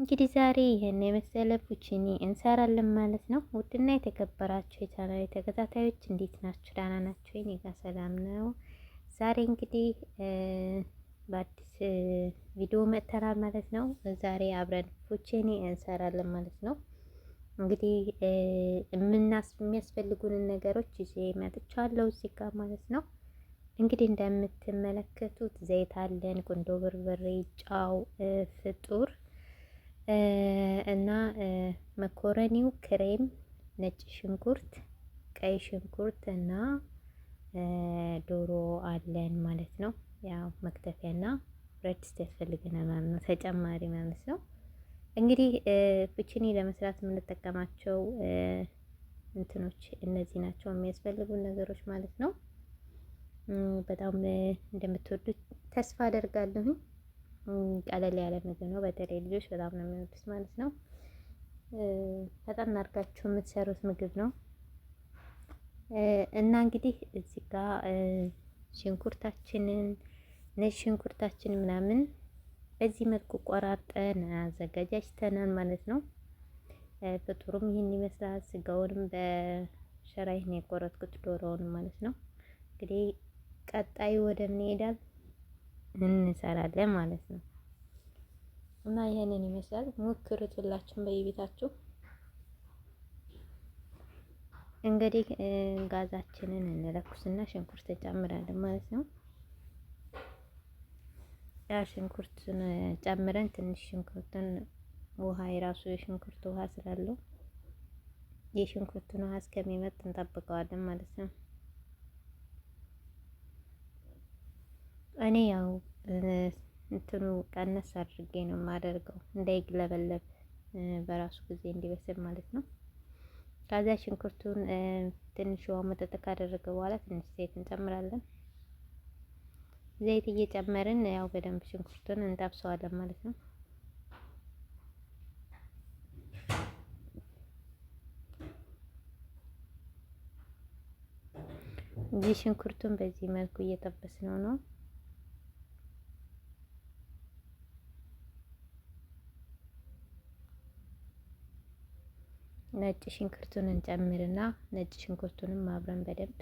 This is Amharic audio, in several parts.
እንግዲህ ዛሬ ይህን የመሰለ ቡችኒ እንሰራለን ማለት ነው። ውድና የተከበራችሁ የቻናል ተከታታዮች እንዴት ናችሁ? ዳና ናችሁ? እኔ ጋር ሰላም ነው። ዛሬ እንግዲህ በአዲስ ቪዲዮ መጥተናል ማለት ነው። ዛሬ አብረን ቡችኒ እንሰራለን ማለት ነው። እንግዲህ የሚያስፈልጉንን ነገሮች ይዤ መጥቻለሁ እዚህ ጋር ማለት ነው። እንግዲህ እንደምትመለከቱት ዘይት አለን፣ ቁንዶ በርበሬ፣ ጫው፣ ፍጡር እና መኮረኒው ክሬም፣ ነጭ ሽንኩርት፣ ቀይ ሽንኩርት እና ዶሮ አለን ማለት ነው። ያው መክተፊያና ብረት ድስት ያስፈልገናል ማለት ነው። ተጨማሪ ማለት ነው። እንግዲህ ፍችኒ ለመስራት የምንጠቀማቸው እንትኖች እነዚህ ናቸው የሚያስፈልጉን ነገሮች ማለት ነው። በጣም እንደምትወዱት ተስፋ አደርጋለሁ። ቀለል ያለ ምግብ ነው። በተለይ ልጆች በጣም ነው የሚወዱት ማለት ነው። ፈጠን አድርጋችሁ የምትሰሩት ምግብ ነው እና እንግዲህ እዚህ ጋር ሽንኩርታችንን ነጭ ሽንኩርታችን ምናምን በዚህ መልኩ ቆራርጠን አዘጋጃጅተናል ማለት ነው። ፍጡሩም ይህን ይመስላል። ስጋውንም ነው የቆረጥኩት ዶሮውንም ማለት ነው። እንግዲህ ቀጣይ ወደ ምን ይሄዳል? እንሰራለን ማለት ነው። እና ይሄንን ይመስላል። ሞክሩት ሁላችሁም በየቤታችሁ። እንግዲህ ጋዛችንን እንለኩስና ሽንኩርት እንጨምራለን ማለት ነው። ያ ሽንኩርቱን ጨምረን ትንሽ ሽንኩርቱን ውሃ የራሱ የሽንኩርት ውሃ ስላለው የሽንኩርቱን ውሃ እስከሚመጥ እንጠብቀዋለን ማለት ነው። እኔ ያው እንትኑ ቀነስ አድርጌ ነው የማደርገው እንዳይግለበለብ በራሱ ጊዜ እንዲበስል ማለት ነው። ከዚያ ሽንኩርቱን ትንሽ ውሃ መጠጥ ካደረገ በኋላ ትንሽ ዘይት እንጨምራለን። ዘይት እየጨመርን ያው በደንብ ሽንኩርቱን እንጠብሰዋለን ማለት ነው። እዚህ ሽንኩርቱን በዚህ መልኩ እየጠበስነው ነው። ነጭ ሽንኩርቱን እንጨምርና ነጭ ሽንኩርቱንም አብረን በደንብ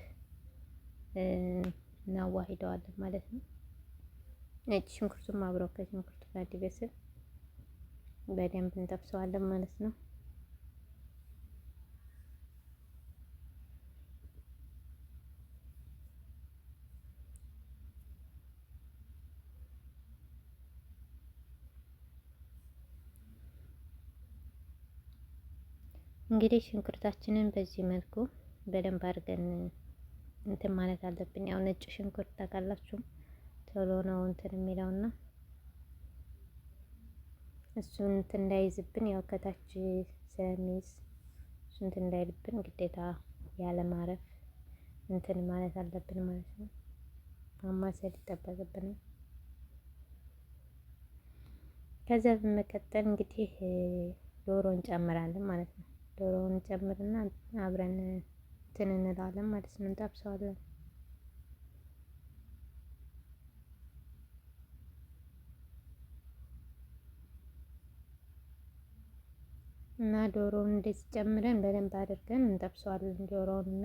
እናዋሂደዋለን ማለት ነው። ነጭ ሽንኩርቱም አብረው ከሽንኩርቱ ጋር እንዲበስል በደንብ እንጠብሰዋለን ማለት ነው። እንግዲህ ሽንኩርታችንን በዚህ መልኩ በደንብ አድርገን እንትን ማለት አለብን። ያው ነጭ ሽንኩርት ታውቃላችሁም ቶሎ ነው እንትን የሚለውና እሱን እንትን እንዳይዝብን ያው ከታች ስለሚይዝ እሱ እንትን እንዳይልብን ግዴታ ያለ ማረፍ እንትን ማለት አለብን ማለት ነው። ማማሰል ይጠበቅብናል። ከዚያ በመቀጠል እንግዲህ ዶሮ እንጨምራለን ማለት ነው። ዶሮውን ጨምርና አብረን እንትን እንላለን ማለት ነው፣ እንጠብሰዋለን። እና ዶሮውን እንደዚህ ጨምረን በደንብ አድርገን እንጠብሰዋለን ዶሮውን እና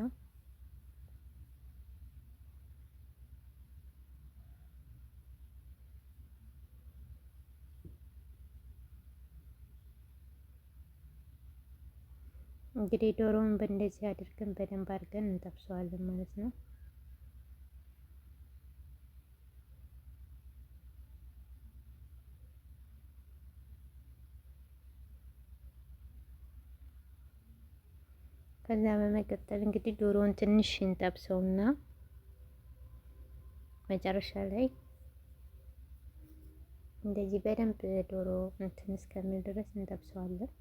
እንግዲህ ዶሮውን በእንደዚህ አድርገን በደንብ አድርገን እንጠብሰዋለን ማለት ነው። ከዛ በመቀጠል እንግዲህ ዶሮውን ትንሽ እንጠብሰውና መጨረሻ ላይ እንደዚህ በደንብ ዶሮ እንትን እስከሚል ድረስ እንጠብሰዋለን።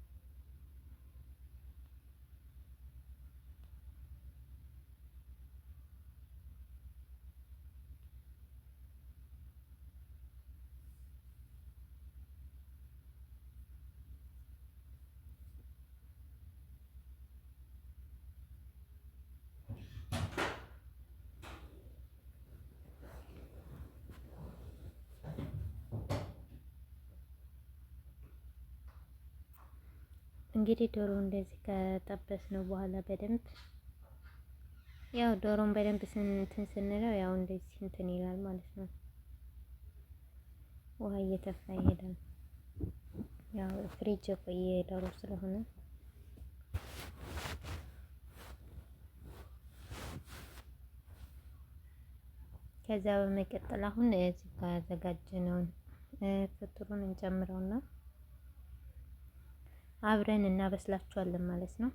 እንግዲህ ዶሮ እንደዚህ ከጠበስ ነው በኋላ በደንብ ያው ዶሮን በደንብ ስንትን ስንለው ያው እንደዚህ እንትን ይላል ማለት ነው። ውሃ እየተፋ ይሄዳል። ያው ፍሪጅ የቆየ ዶሮ ስለሆነ ከዛ በመቀጠል አሁን እዚህ ጋር ያዘጋጀነውን ፍጥሩን እንጨምረውና አብረን እናበስላቸዋለን ማለት ነው።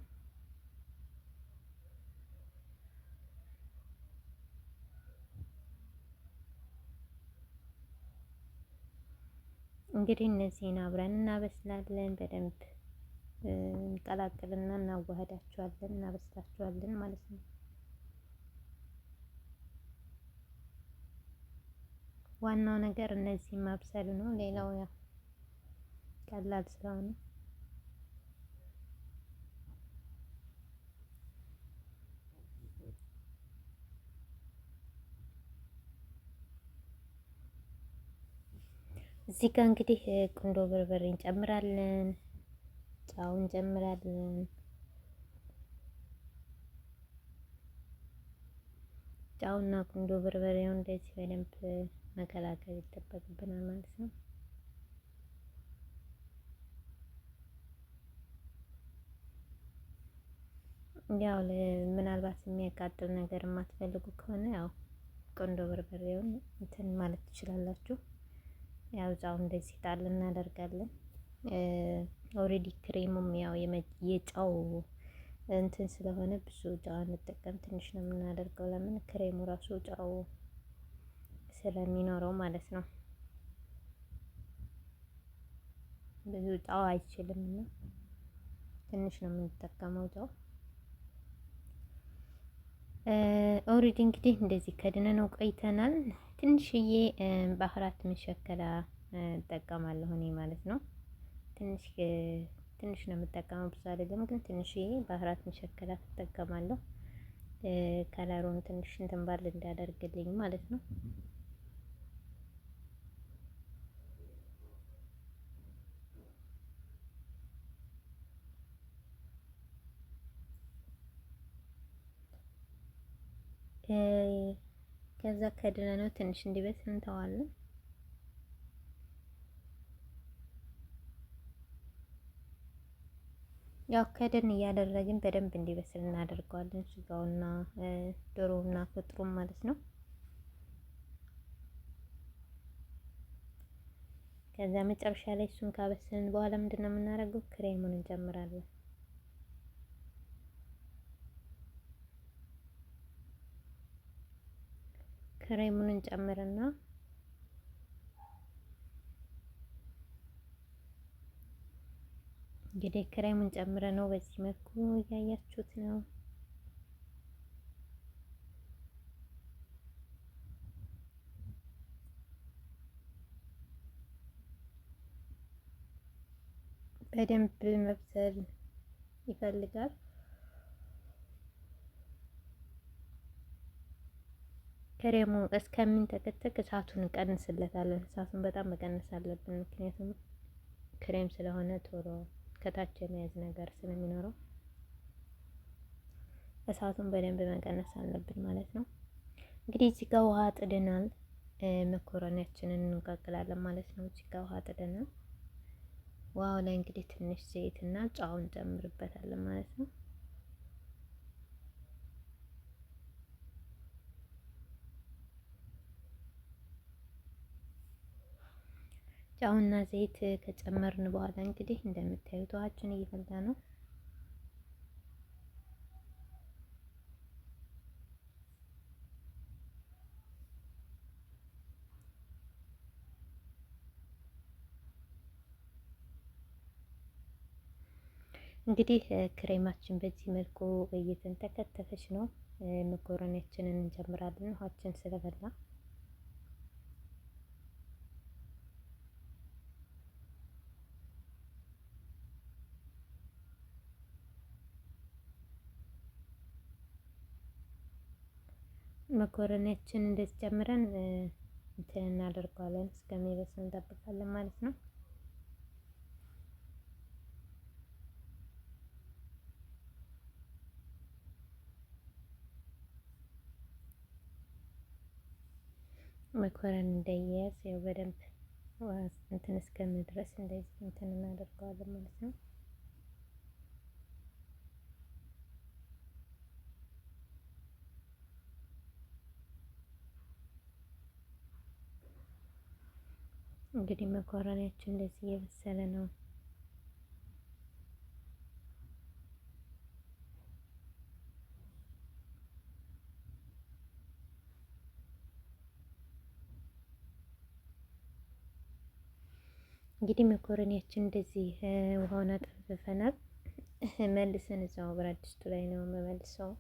እንግዲህ እነዚህን አብረን እናበስላለን። በደንብ እንቀላቅልና እናዋህዳቸዋለን፣ እናበስላቸዋለን ማለት ነው። ዋናው ነገር እነዚህ ማብሰል ነው። ሌላው ያው ቀላል ስለሆነ እዚህ ጋር እንግዲህ ቁንዶ በርበሬ እንጨምራለን፣ ጫው እንጨምራለን። ጫውና ቁንዶ በርበሬውን እንደዚህ በደንብ መከላከል ይጠበቅብናል ማለት ነው። ያው ምናልባት የሚያቃጥል ነገር የማትፈልጉ ከሆነ ያው ቁንዶ በርበሬውን እንትን ማለት ትችላላችሁ። ያው ጫው እንደዚህ ጣል እናደርጋለን። ኦሬዲ ክሬሙም ያው የጫው እንትን ስለሆነ ብዙ ጫው እንጠቀም፣ ትንሽ ነው የምናደርገው። ለምን ክሬሙ ራሱ ጫው ስለሚኖረው ማለት ነው። ብዙ ጫው አይችልም እና ትንሽ ነው የምንጠቀመው ጫው። ኦሬዲ እንግዲህ እንደዚህ ከድነ ነው ቆይተናል። ትንሽዬ ባህራት መሸከላ እጠቀማለሁ እኔ ማለት ነው። ትንሽ ትንሽ ነው የምጠቀመው ብዙ አይደለም፣ ግን ትንሽዬ ባህራት መሸከላ ትጠቀማለሁ ከለሩን ትንሽ እንትን ባል እንዳደርግልኝ ማለት ነው። ከዛ ከድነ ነው ትንሽ እንዲበስ እንተዋለን። ያው ከደን እያደረግን በደንብ እንዲበስል እናደርገዋለን። ስጋውና ዶሮውና ፍጥሩም ማለት ነው። ከዛ መጨረሻ ላይ እሱን ካበሰልን በኋላ ምንድነው የምናደርገው? ክሬሙን እንጨምራለን። ክሬሙን እንጨምርና እንግዲህ ክሬሙን ጨምረ ነው በዚህ መልኩ እያያችሁት ነው። በደንብ መብሰል ይፈልጋል። ክሬሙ እስከምንተከተክ እሳቱን እንቀንስለታለን። እሳቱን በጣም መቀነስ አለብን፣ ምክንያቱም ክሬም ስለሆነ ቶሎ ከታች የመያዝ ነገር ስለሚኖረው እሳቱን በደንብ መቀነስ አለብን ማለት ነው። እንግዲህ እዚህ ጋር ውሃ ጥደናል፣ መኮረኒያችንን እንቀቅላለን ማለት ነው። እዚህ ጋር ውሃ ጥደናል። ውሃው ላይ እንግዲህ ትንሽ ዘይትና ጫውን ጨምርበታለን ማለት ነው። ጨውና ዘይት ከጨመርን በኋላ እንግዲህ እንደምታዩት ውሃችን እየፈላ ነው። እንግዲህ ክሬማችን በዚህ መልኩ እየተንተከተከች ነው። መኮረኒያችንን እንጀምራለን ውሃችን ስለበላ። መኮረኒያችን እንደዚህ ጨምረን እንትን እናደርገዋለን እስከሚበስል እንጠብቃለን ማለት ነው። መኮረን እንዳያያዝ ያው በደንብ እንትን እስከሚድረስ እንደዚህ እንትን እናደርገዋለን ማለት ነው። እንግዲህ መኮረኒያችን እንደዚህ እየበሰለ ነው። እንግዲህ መኮረኒያችን እንደዚህ ውሃውን አጠንፍፈናል። መልሰን እዛው ብረት ድስቱ ላይ ነው መመልሰው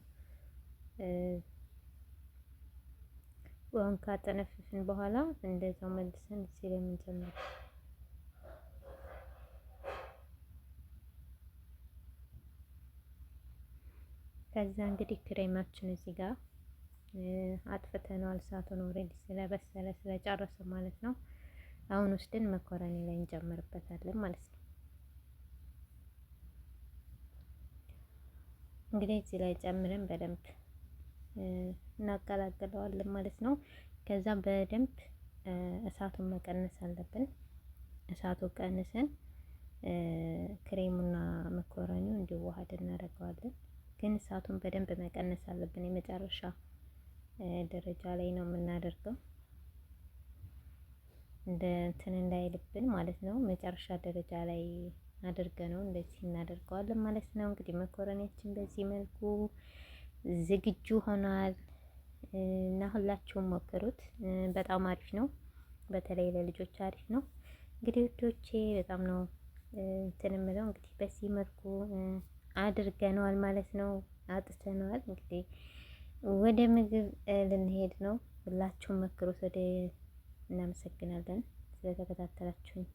ውሃውን ካጠነፍፍን በኋላ እንደዛው መልሰን እዚህ ላይ የምንጨምረው ከዛ እንግዲህ ክሬማችን እዚህ ጋር አጥፍተነዋል። እሳቱን ኦልሬዲ ስለበሰለ ስለጨረሰ ማለት ነው። አሁን ውስድን መኮረኒ ላይ እንጨምርበታለን ማለት ነው። እንግዲህ እዚህ ላይ ጨምረን በደንብ እናቀላቅለዋለን ማለት ነው። ከዛ በደንብ እሳቱን መቀነስ አለብን። እሳቱ ቀንሰን ክሬሙና መኮረኒው እንዲዋሃድ እናደርገዋለን። ግን እሳቱን በደንብ መቀነስ አለብን። የመጨረሻ ደረጃ ላይ ነው የምናደርገው እንደ እንትን እንዳይልብን ማለት ነው። መጨረሻ ደረጃ ላይ አድርገ ነው እንደዚህ እናደርገዋለን ማለት ነው። እንግዲህ መኮረኒያችን በዚህ መልኩ ዝግጁ ሆኗል እና ሁላችሁም ሞክሩት። በጣም አሪፍ ነው። በተለይ ለልጆች አሪፍ ነው። እንግዲህ ውዶቼ በጣም ነው እንትን የምለው እንግዲህ በዚህ መልኩ አድርገነዋል ማለት ነው። አጥተነዋል። እንግዲህ ወደ ምግብ ልንሄድ ነው። ሁላችሁም ሞክሩት። ወደ እናመሰግናለን ስለተከታተላችሁኝ።